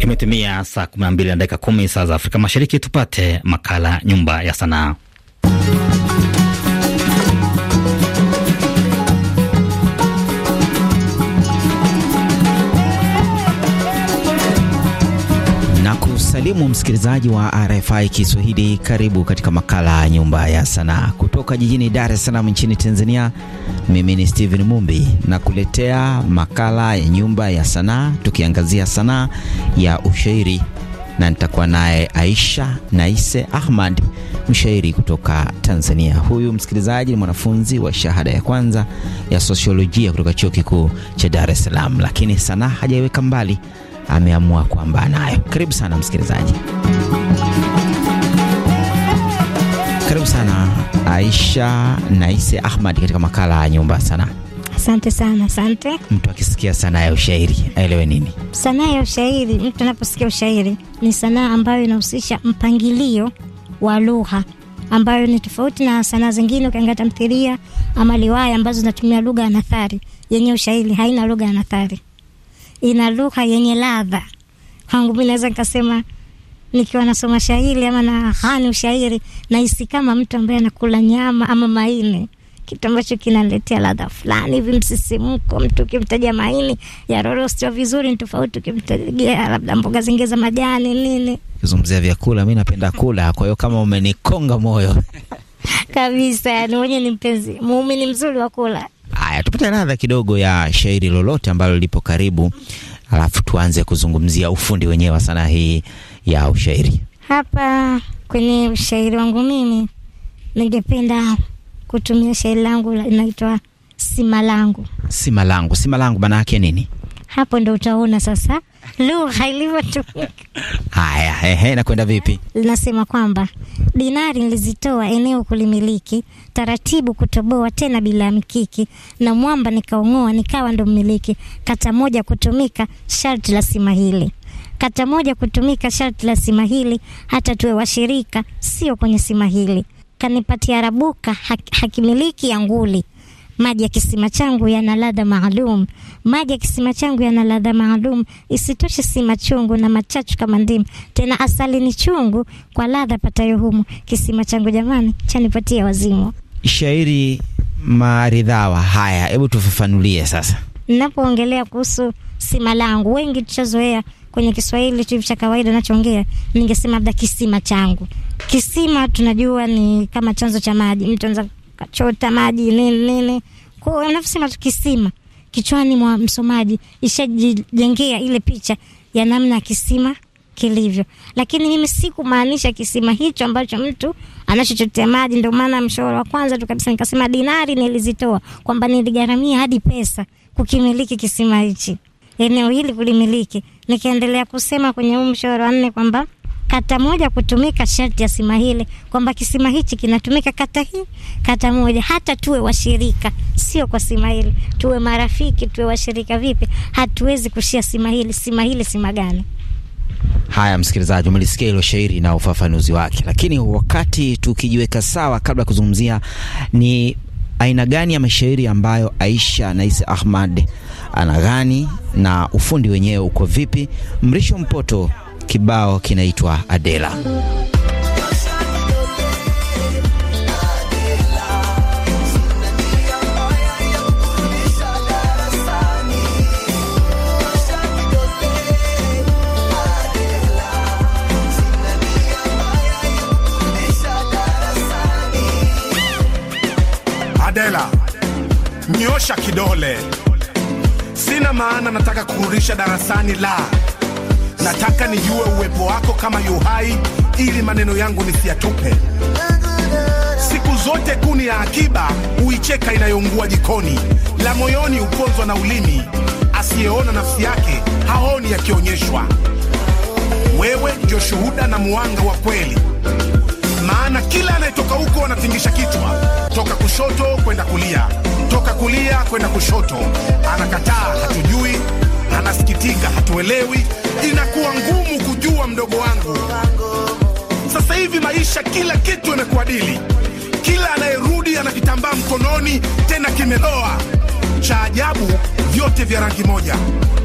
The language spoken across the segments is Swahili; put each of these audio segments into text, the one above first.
Imetimia saa 12 na dakika 10 saa za Afrika Mashariki, tupate makala nyumba ya sanaa. Karibu msikilizaji wa RFI Kiswahili, karibu katika makala ya Nyumba ya Sanaa kutoka jijini Dar es Salaam nchini Tanzania. Mimi ni Steven Mumbi nakuletea makala ya Nyumba ya Sanaa, tukiangazia sanaa ya ushairi na nitakuwa naye Aisha Naise Ahmad, mshairi kutoka Tanzania. Huyu msikilizaji ni mwanafunzi wa shahada ya kwanza ya sosiolojia kutoka chuo kikuu cha Dar es Salaam, lakini sanaa hajaiweka mbali ameamua kwamba nayo. Karibu sana msikilizaji, karibu sana Aisha Naise Ahmad katika makala ya Nyumba ya Sanaa. Asante sana. Asante. Mtu akisikia sanaa ya ushairi aelewe nini sanaa ya ushairi? Mtu anaposikia ushairi, ni sanaa ambayo inahusisha mpangilio wa lugha ambayo ni tofauti na sanaa zingine. Ukiangalia tamthilia ama riwaya ambazo zinatumia lugha ya nathari, yenye ushairi haina lugha ya nathari ina lugha yenye ladha. Kwangu mimi naweza nikasema nikiwa nasoma shairi ama na hani ushairi, nahisi kama mtu ambaye anakula nyama ama maini, kitu ambacho kinaletea ladha fulani hivi, msisimko. Mtu ukimtaja maini ya rorostwa vizuri ni tofauti ukimtajia labda mboga zingine za majani nini. Kizungumzia vyakula, mi napenda kula, kwa hiyo kama umenikonga moyo kabisa, yani mwenye ni mpenzi muumini mzuri wa kula Haya, tupate ladha kidogo ya shairi lolote ambalo lipo karibu, alafu tuanze kuzungumzia ufundi wenyewe wa sanaa hii ya ushairi. Hapa kwenye ushairi wangu mimi ningependa kutumia shairi langu, inaitwa sima langu. Sima langu, sima langu maana yake nini? Hapo ndo utaona sasa lugha ilivyotumika. Haya, ehe, nakwenda vipi? Linasema kwamba dinari nilizitoa eneo kulimiliki, taratibu kutoboa tena bila mkiki, na mwamba nikaong'oa nikawa ndo mmiliki. Kata moja kutumika sharti la sima hili kata moja kutumika sharti la sima hili, hata tuwe washirika, sio kwenye sima hili. Kanipatia rabuka hak, hakimiliki ya nguli maji ya kisima changu yana ladha maalum, maji ya kisima changu yana ladha maalum. Isitoshe si machungu na machachu kama ndimu, tena asali ni chungu kwa ladha patayo humu. Kisima changu jamani, chanipatia wazimu. Shairi maridhawa haya, hebu tufafanulie sasa. Ninapoongelea kuhusu sima langu, wengi tuchazoea kwenye Kiswahili tu cha kawaida nachoongea, ningesema labda kisima changu. Kisima tunajua ni kama chanzo cha maji, mtu anaweza kachota maji nini nini. Kwa nafsi na kisima kichwani mwa msomaji ishajijengea ile picha ya namna kisima kilivyo, lakini mimi sikumaanisha kisima hicho ambacho mtu anachochotea maji. Ndio maana mshauri wa kwanza tu kabisa nikasema dinari nilizitoa kwamba niligharamia hadi pesa kukimiliki kisima hichi, eneo hili kulimiliki. Nikaendelea kusema kwenye huu mshauri wa nne kwamba kata moja kutumika sharti ya sima hile, kwamba kisima hichi kinatumika kata hii kata moja, hata tuwe washirika, sio kwa sima hile, tuwe marafiki, tuwe washirika. Vipi? hatuwezi kushia sima hili, sima hili, sima gani? Haya, msikilizaji, umelisikia hilo shairi na ufafanuzi wake, lakini wakati tukijiweka sawa, kabla ya kuzungumzia ni aina gani ya mashairi ambayo Aisha Naisi Ahmad anagani na ufundi wenyewe uko vipi, Mrisho Mpoto kibao kinaitwa Adela. Adela, nyosha kidole. Sina maana nataka kurudisha darasani la nataka nijue uwepo wako kama yuhai, ili maneno yangu nisiyatupe siku zote. Kuni ya akiba huicheka inayoungua jikoni, la moyoni huponzwa na ulimi. Asiyeona nafsi yake haoni yakionyeshwa. Wewe ndio shuhuda na mwanga wa kweli, maana kila anayetoka huko anatingisha kichwa, toka kushoto kwenda kulia, toka kulia kwenda kushoto, anakataa hatujui anasikitika, hatuelewi. Inakuwa ngumu kujua mdogo wangu. Sasa hivi maisha, kila kitu yamekuadili. Kila anayerudi ana kitambaa mkononi, tena kimeloa. Cha ajabu, vyote vya rangi moja.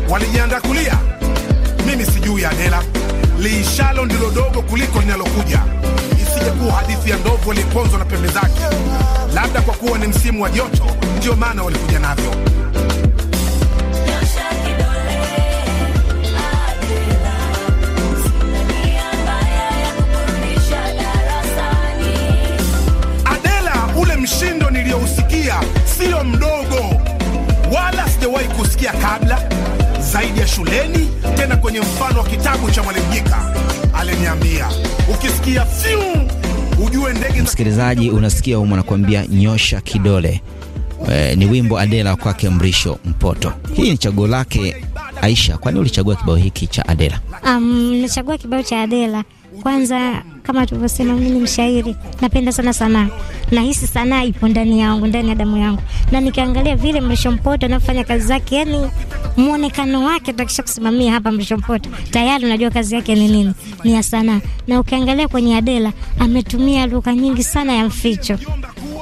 Walijiandaa kulia, mimi sijui Adela. Liishalo ndilo dogo kuliko linalokuja, isije kuwa hadithi ya ndovu waliponzwa na pembe zake. Labda kwa kuwa ni msimu wa joto, ndiyo maana walikuja navyo. sio mdogo, wala sijawahi kusikia kabla zaidi ya shuleni, tena kwenye mfano wa kitabu cha Mwalimu Nyika. Aliniambia ukisikia fyum, ujue ndege. Msikilizaji, unasikia umo, anakuambia nyosha kidole. E, ni wimbo Adela kwake Mrisho Mpoto. Hii ni chaguo lake Aisha. Kwani ulichagua kibao hiki cha Adela? Um, nachagua kibao cha Adela kwanza kama tulivyosema, mimi ni mshairi, napenda sana sanaa, nahisi sanaa ipo ndani yangu, ndani ya damu yangu, na nikiangalia vile Mrisho Mpoto anafanya kazi zake, yani muonekano wake, atakisha kusimamia hapa Mrisho Mpoto tayari unajua kazi yake ni nini, ni ya sanaa. Na ukiangalia kwenye Adela ametumia lugha nyingi sana ya mficho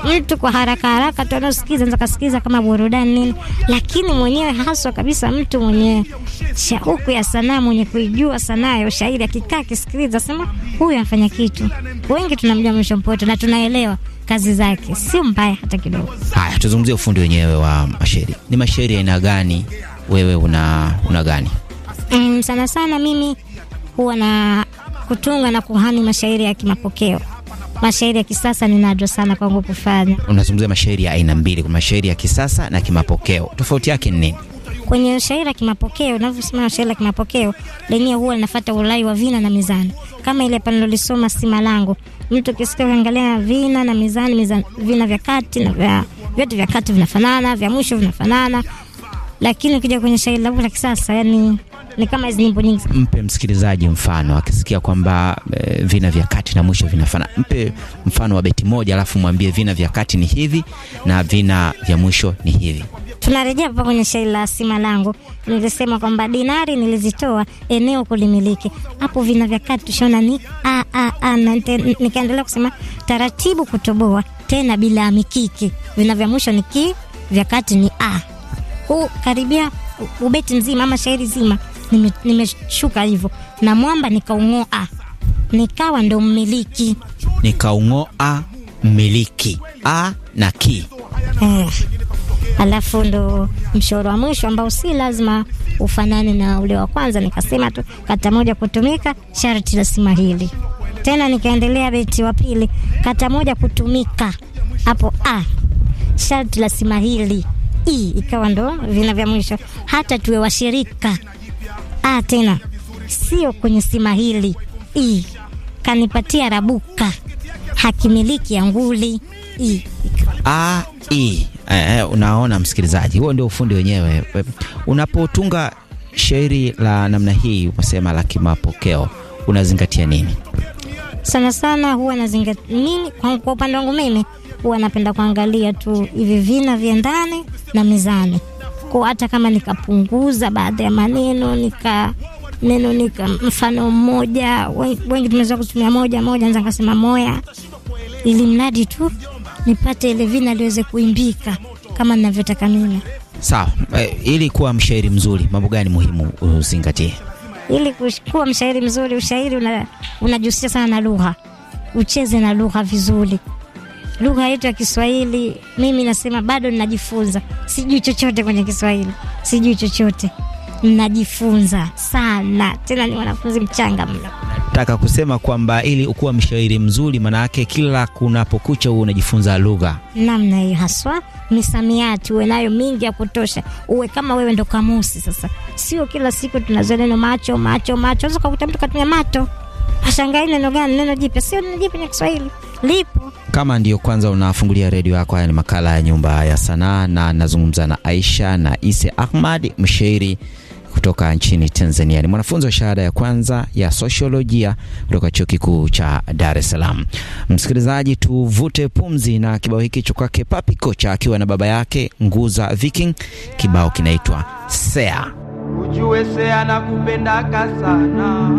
mtu yaani kwa haraka haraka tu anaosikiza anza kasikiza kama burudani nini, lakini mwenyewe haswa kabisa mtu mwenye shauku ya sanaa, mwenye kuijua sanaa ya ushairi, akikaa akisikiliza, sema huyu anafanya kitu. Wengi tunamjua Mwisho Mpoto na tunaelewa kazi zake, sio mbaya hata kidogo. Haya, tuzungumzie ufundi wenyewe wa mashairi. Ni mashairi aina gani wewe una una gani? Mm, sana sana mimi huwa na kutunga na kuhani mashairi ya kimapokeo mashairi ya kisasa ni nadra sana kwangu kufanya. Unazungumzia mashairi ya aina mbili, kuna mashairi ya kisasa na kimapokeo, tofauti yake ni nini? Kwenye shairi la kimapokeo, unavyosema shairi la kimapokeo lenyewe huwa linafuata ulai wa vina na mizani, kama ile nilisoma sima langu. Mtu kisikia kuangalia vina na mizani, mizani, vina vya kati na vya vyote vya kati vinafanana, vya mwisho vinafanana, lakini ukija kwenye shairi la kisasa yani ni kama hizi nyimbo nyingi. Mpe msikilizaji mfano, akisikia kwamba e, vina vya kati na mwisho vinafana, mpe mfano wa beti moja, alafu mwambie vina vya kati ni hivi na vina vya mwisho ni hivi. Tunarejea hapa kwenye shairi la sima langu, nilisema kwamba dinari nilizitoa eneo kulimiliki. Hapo vina vya kati tushaona ni a a a, na nikaendelea kusema taratibu kutoboa tena bila mikiki. Vina vya mwisho ni ki, vya kati ni a. Huu karibia ubeti mzima ama shairi zima nimeshuka nime hivyo na mwamba nikaung'oa, nikawa ndo mmiliki, nikaung'oa mmiliki a na ki eh. Alafu ndo mshoro wa mwisho ambao si lazima ufanane na ule wa kwanza, nikasema tu kata moja kutumika sharti la sima hili tena. Nikaendelea beti wa pili, kata moja kutumika hapo a sharti la sima hili i, ikawa ndo vina vya mwisho, hata tuwe washirika ah, tena sio kwenye sima hili i kanipatia rabuka hakimiliki ya nguli i a i eh, eh unaona msikilizaji, huo ndio ufundi wenyewe. Unapotunga shairi la namna hii, umesema la kimapokeo, unazingatia nini? Sana sana huwa nazingatia mimi, kwa upande wangu mimi huwa napenda kuangalia tu hivi vina vya ndani na mizani kwa hata kama nikapunguza baadhi ya maneno nika neno nika mfano mmoja, wengi tumeweza kutumia moja moja, naweza nikasema moya, ili mradi tu nipate ile vina liweze kuimbika kama ninavyotaka mimi. Sawa. E, ili kuwa mshairi mzuri mambo gani muhimu uzingatie? Ili kuwa mshairi mzuri, ushairi unajihusisha una sana na lugha, ucheze na lugha vizuri lugha yetu ya Kiswahili, mimi nasema bado ninajifunza, sijui chochote kwenye Kiswahili, sijui chochote, ninajifunza sana, tena ni wanafunzi mchanga mno. Nataka kusema kwamba ili ukuwa mshairi mzuri, maana yake kila kunapokucha huo unajifunza lugha namna hiyo haswa, misamiati uwe nayo mingi ya kutosha, uwe kama wewe ndo kamusi. Sasa sio kila siku tunazoea neno macho macho macho, unaweza kukuta mtu katumia mato ashangai neno gani, neno jipya? Sio neno jipya, ni Kiswahili lipo. Kama ndiyo kwanza unafungulia redio yako, haya ni makala ya Nyumba ya Sanaa na nazungumza na Aisha na Ise Ahmad, mshairi kutoka nchini Tanzania. Ni mwanafunzi wa shahada ya kwanza ya sosiolojia kutoka chuo kikuu cha Dar es Salaam. Msikilizaji, tuvute pumzi na kibao hiki cha kwake Papi Kocha akiwa na baba yake Nguza Viking. Kibao kinaitwa Sea. Ujue Sea nakupendaka sana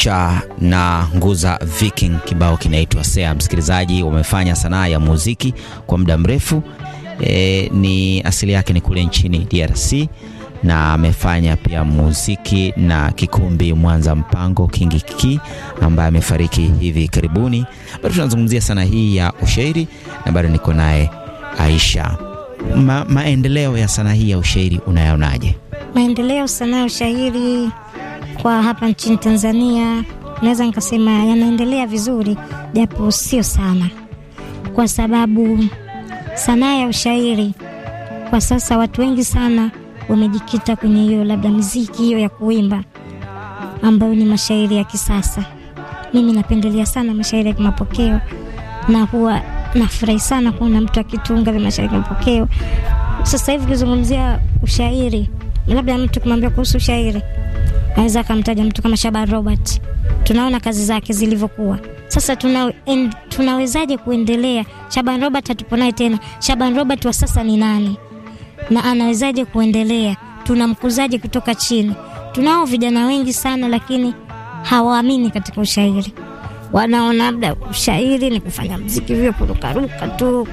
Kucha na Nguza Viking, kibao kinaitwa Sea. Msikilizaji, wamefanya sanaa ya muziki kwa muda mrefu e, ni asili yake ni kule nchini DRC na amefanya pia muziki na kikumbi Mwanza Mpango Kingi Kiki ambaye amefariki hivi karibuni. Bado tunazungumzia sanaa hii ya ushairi na bado niko naye Aisha. Ma, maendeleo ya sanaa hii ya ushairi unayaonaje? Maendeleo sanaa ya ushairi kwa hapa nchini Tanzania naweza nikasema yanaendelea vizuri, japo sio sana, kwa sababu sanaa ya ushairi kwa sasa watu wengi sana wamejikita kwenye hiyo labda miziki hiyo ya kuimba ambayo ni mashairi ya kisasa. Mimi napendelea sana mashairi ya kimapokeo na huwa nafurahi sana kuona mtu akitunga vya mashairi ya kimapokeo. Sasa hivi ukizungumzia ushairi, labda mtu kumwambia kuhusu ushairi aweza akamtaja mtu kama Shaban Robert, tunaona kazi zake zilivyokuwa. Sasa tuna, en, tunawezaje kuendelea? Shaban Robert hatupo naye tena. Shaban Robert wa sasa ni nani na anawezaje kuendelea? Tunamkuzaje kutoka chini? Tunao vijana wengi sana, lakini hawaamini katika ushairi, wanaona labda ushairi ni kufanya mziki vio kurukaruka tu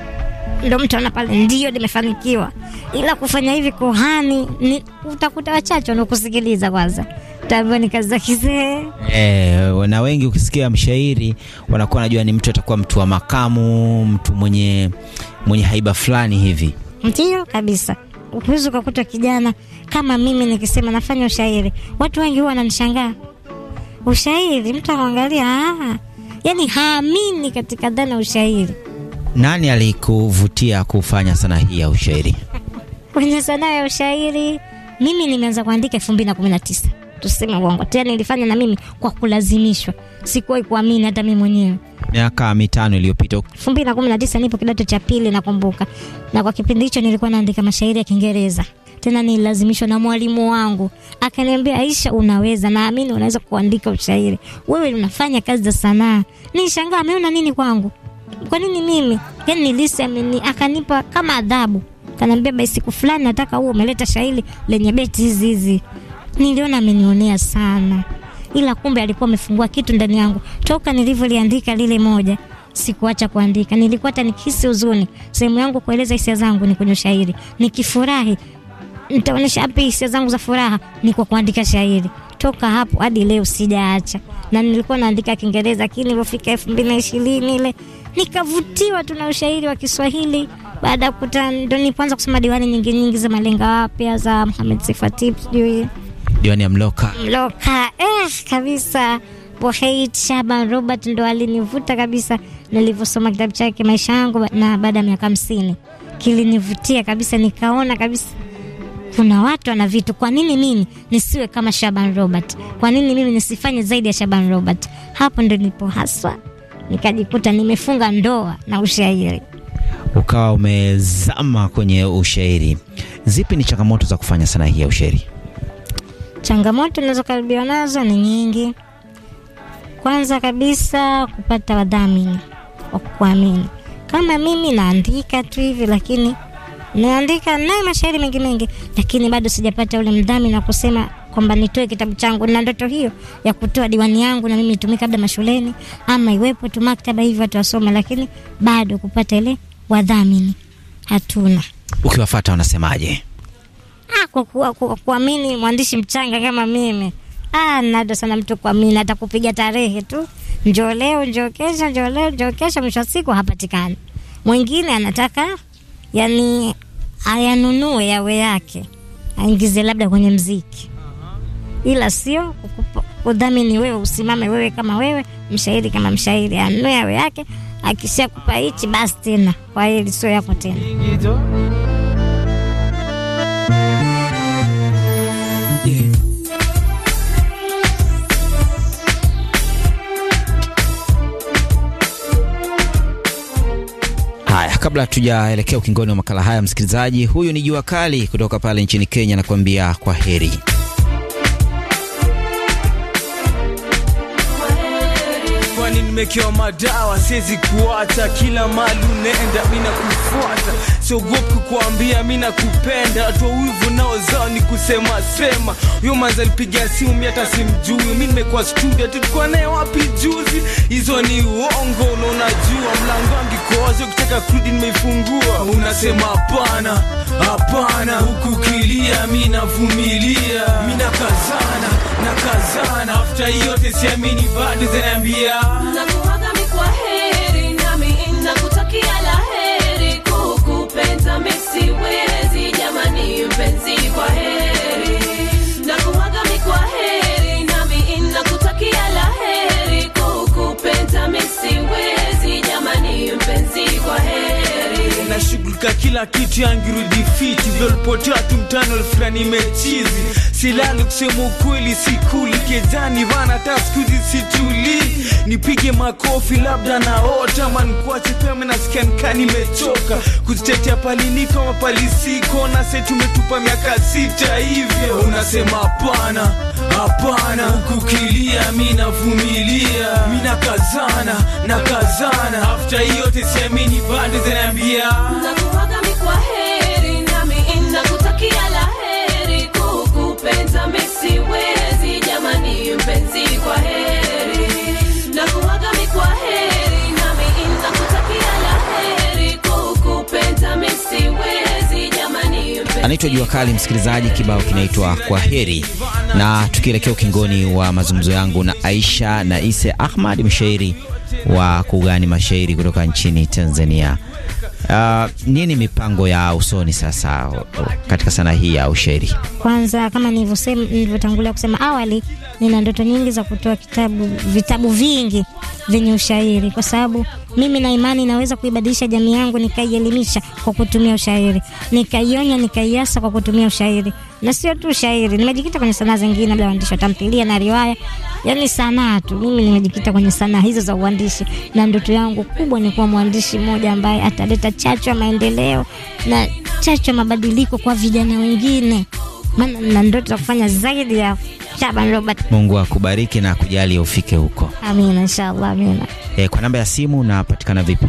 ndo mtu ana pale ndio limefanikiwa ila kufanya hivi kohani ni utakuta wachache wanaokusikiliza kwanza. Tabu ni kazi za kizee eh, na wengi ukisikia mshairi wanakuwa wanajua ni mtu atakuwa mtu wa makamu, mtu mwenye mwenye haiba fulani hivi. Ndio kabisa. Huwezi ukakuta kijana kama mimi nikisema nafanya ushairi, watu wengi huwa wananishangaa. Ushairi mtu anaangalia, ah, yani haamini katika dhana ushairi. Nani alikuvutia kufanya sanaa hii ya ushairi? Kwenye sanaa ya ushairi mimi nimeanza kuandika elfu mbili na kumi na tisa tuseme uongo tena, nilifanya na mimi kwa kulazimishwa, sikuwahi kuamini hata mimi mwenyewe. Miaka mitano iliyopita, 2019 nipo kidato cha pili nakumbuka, na kwa kipindi hicho nilikuwa naandika mashairi ya Kiingereza tena nilazimishwa na mwalimu wangu, akaniambia Aisha, unaweza, naamini unaweza kuandika ushairi, wewe unafanya kazi za sanaa. Nishangaa, ameona nini kwangu? Kwa nini mimi? Yani nilisema, ni, akanipa kama adhabu, kaniambia basi, siku fulani nataka huo umeleta shairi lenye beti hizi hizi niliona amenionea sana, ila kumbe alikuwa amefungua kitu ndani yangu toka nilivyoliandika lile moja sikuacha kuandika. Nilikuwa hata nikihisi huzuni, sehemu yangu kueleza hisia zangu ni kwenye shairi. Nikifurahi, nitaonyesha api hisia zangu za furaha ni kwa kuandika shairi. Toka hapo hadi leo sijaacha, na nilikuwa naandika Kiingereza, lakini ilivyofika elfu mbili na ishirini ile nikavutiwa tu na ushairi wa Kiswahili. Baada ya kukuta ndo nilipoanza kusoma diwani nyingi nyingi za malenga wapya za Mohamed Sifatip sijui diwani ya Mloka. Mloka eh, kabisa Wahid Shaban Robert ndo alinivuta kabisa nilivyosoma kitabu chake maisha yangu, na baada ya miaka hamsini kilinivutia kabisa, nikaona kabisa kuna watu wana vitu. Kwa nini mimi nisiwe kama Shaban Robert? Kwa nini mimi nisifanye zaidi ya Shaban Robert? Hapo ndo nipo haswa nikajikuta nimefunga ndoa na ushairi. Ukawa umezama kwenye ushairi. Zipi ni changamoto za kufanya sanaa hii ya ushairi? Changamoto nazokaribiwa nazo ni nyingi. Kwanza kabisa, kupata wadhamini wa kuamini. Kama mimi naandika tu hivi, lakini naandika naye mashairi mengi mengi, lakini bado sijapata ule mdhamini wa kusema kwamba nitoe kitabu changu. Na ndoto hiyo ya kutoa diwani yangu na mimi nitumike labda mashuleni ama iwepo tu maktaba hivi watu wasome, lakini bado kupata ile wadhamini hatuna. Ukiwafuata wanasemaje? kwa kuamini mwandishi mchanga kama mimi. Ah, nado sana mtu kuamini, atakupiga tarehe tu, njo leo, njo kesho, njo leo, njo kesho, mwisho wa siku hapatikani. Mwingine anataka yani ayanunue yawe yake, aingize labda kwenye mziki, ila sio udhamini wewe, usimame wewe kama wewe, mshairi kama mshairi, anunue yawe yake, akishakupa hichi basi tena, kwa hili sio yako tena. kabla tujaelekea ukingoni wa makala haya, msikilizaji, huyu ni Jua Kali kutoka pale nchini Kenya, nakuambia kwa heri. Nimekewa madawa siwezi kila mali unaenda, nakufuata, siogopi kukuambia nakupenda. Watu wa wivu nao zao ni kusema sema, huyo alipiga simu hata simjui. nimekuwa studio, tulikuwa naye wapi juzi? Hizo ni uongo kazi kutaka kudi nimefungua, unasema hapana hapana, huku kilia, mi navumilia, mi nakazana nakazana, afta yote siamini bado zaniambia kwa heri, nami nakutakia la heri, kukupenda mi siwezi, jamani mpenzi, kwa heri anashughulika kila kitu, yangirudi fiti vyolipotea tu mtano elfu na nimechizi silali, kusema ukweli sikuli kejani vana, hata skuzi situli, nipige makofi labda naota manikuache pema, nasikia nikaa nimechoka kuzitetea paliniko mapalisiko na setumetupa miaka sita hivyo unasema hapana hapana, kukilia minavumilia, minakazana na kazana, after yote siamini, bandi zinaambia nakuaga mikwa heri, la heri, jamani, mpenzi kwa heri, heri, la heri, Anaitwa Jua Kali, msikilizaji. Kibao kinaitwa Kwa Heri na tukielekea ukingoni wa mazungumzo yangu na Aisha na Ise Ahmad, mshairi wa kugani mashairi kutoka nchini Tanzania. Uh, nini mipango ya usoni sasa katika sanaa hii ya ushairi? Kwanza, kama nilivyosema, nilivyotangulia kusema awali, nina ndoto nyingi za kutoa kitabu, vitabu vingi vyenye ushairi kwa sababu mimi na imani naweza kuibadilisha jamii yangu, nikaielimisha kwa kutumia ushairi, nikaionya, nikaiasa kwa kutumia ushairi. Na sio tu ushairi, nimejikita kwenye sanaa zingine, labda uandishi wa tamthilia na riwaya, yani sanaa tu. Mimi nimejikita kwenye sanaa hizo za uandishi, na ndoto yangu kubwa ni kuwa mwandishi mmoja ambaye ataleta chachu ya maendeleo na chachu ya mabadiliko kwa vijana wengine, maana na ndoto za kufanya zaidi ya Shaban Robert. Mungu akubariki na akujalie ufike huko. Amina, inshallah, amina. E, kwa namba ya simu unapatikana vipi?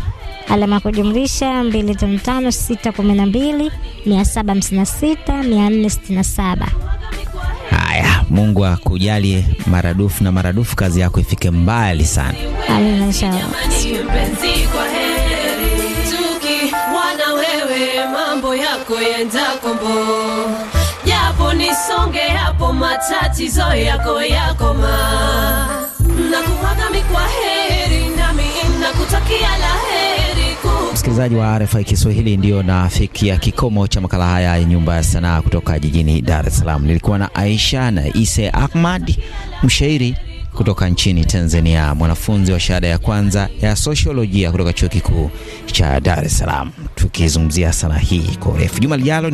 alama ya kujumlisha 255612 756 Haya, Mungu akujalie maradufu na maradufu, kazi yako ifike mbali sana. Amina, inshallah. Tukiwana wewe mambo yako yenda kombo unaponisonge hapo, matatizo yako yakoma. Nakuaga mi heri, nami nakutakia heri Msikilizaji wa RFI Kiswahili, ndiyo nafikia kikomo cha makala haya ya Nyumba ya Sanaa kutoka jijini Dar es Salaam. Nilikuwa na Aisha na Ise Ahmad, mshairi kutoka nchini Tanzania, mwanafunzi wa shahada ya kwanza ya sosiolojia kutoka chuo kikuu cha Dar es Salaam, tukizungumzia sanaa hii kwa urefu. Juma lijalo